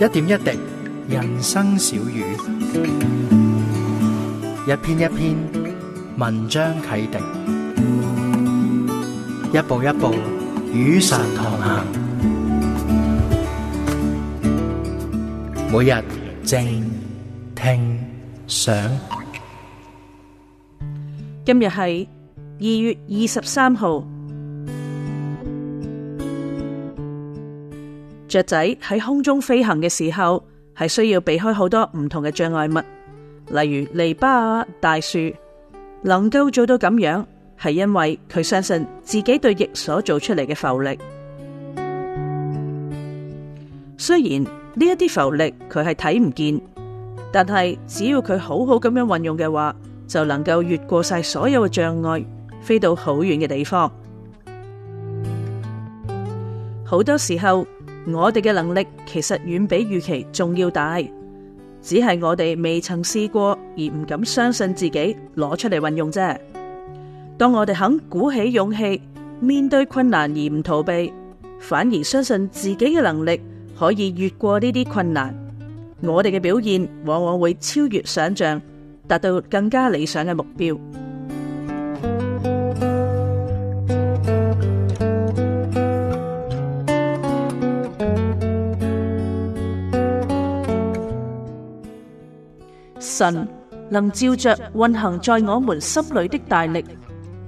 一點一滴，人生小語；一篇一篇，文章啟迪；一步一步，雨傘同行。每日靜聽想，今日係二月二十三號。雀仔喺空中飛行嘅時候，係需要避開好多唔同嘅障礙物，例如籬笆、大樹。能夠做到咁樣，係因為佢相信自己對翼所做出嚟嘅浮力。雖然呢一啲浮力佢係睇唔見，但係只要佢好好咁樣運用嘅話，就能夠越過晒所有嘅障礙，飛到好遠嘅地方。好多時候，我哋嘅能力其實遠比預期仲要大，只係我哋未曾試過而唔敢相信自己攞出嚟運用啫。當我哋肯鼓起勇氣面對困難而唔逃避，反而相信自己嘅能力可以越過呢啲困難，我哋嘅表現往往會超越想象，達到更加理想嘅目標。神能照着運行在我們心裏的大力，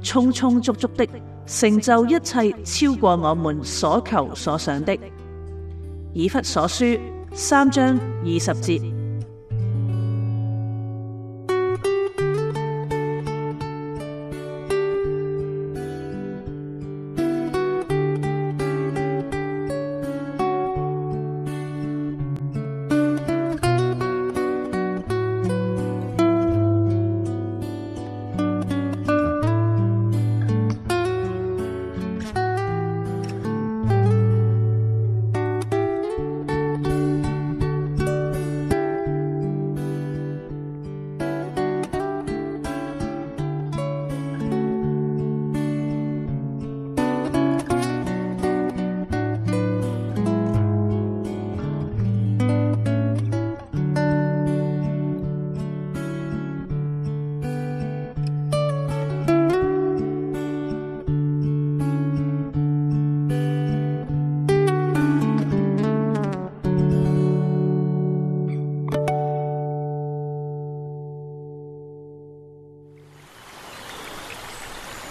充充足足的成就一切，超過我們所求所想的。以弗所書三章二十節。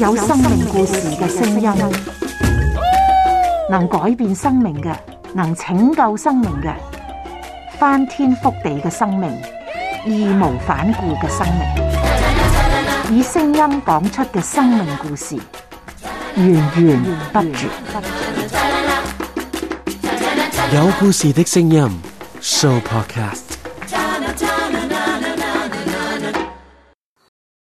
有生命故事嘅聲音，能改變生命嘅，能拯救生命嘅，翻天覆地嘅生命，義無反顧嘅生命，以聲音講出嘅生命故事，源源不絕。有故事的聲音，Sooo Podcast。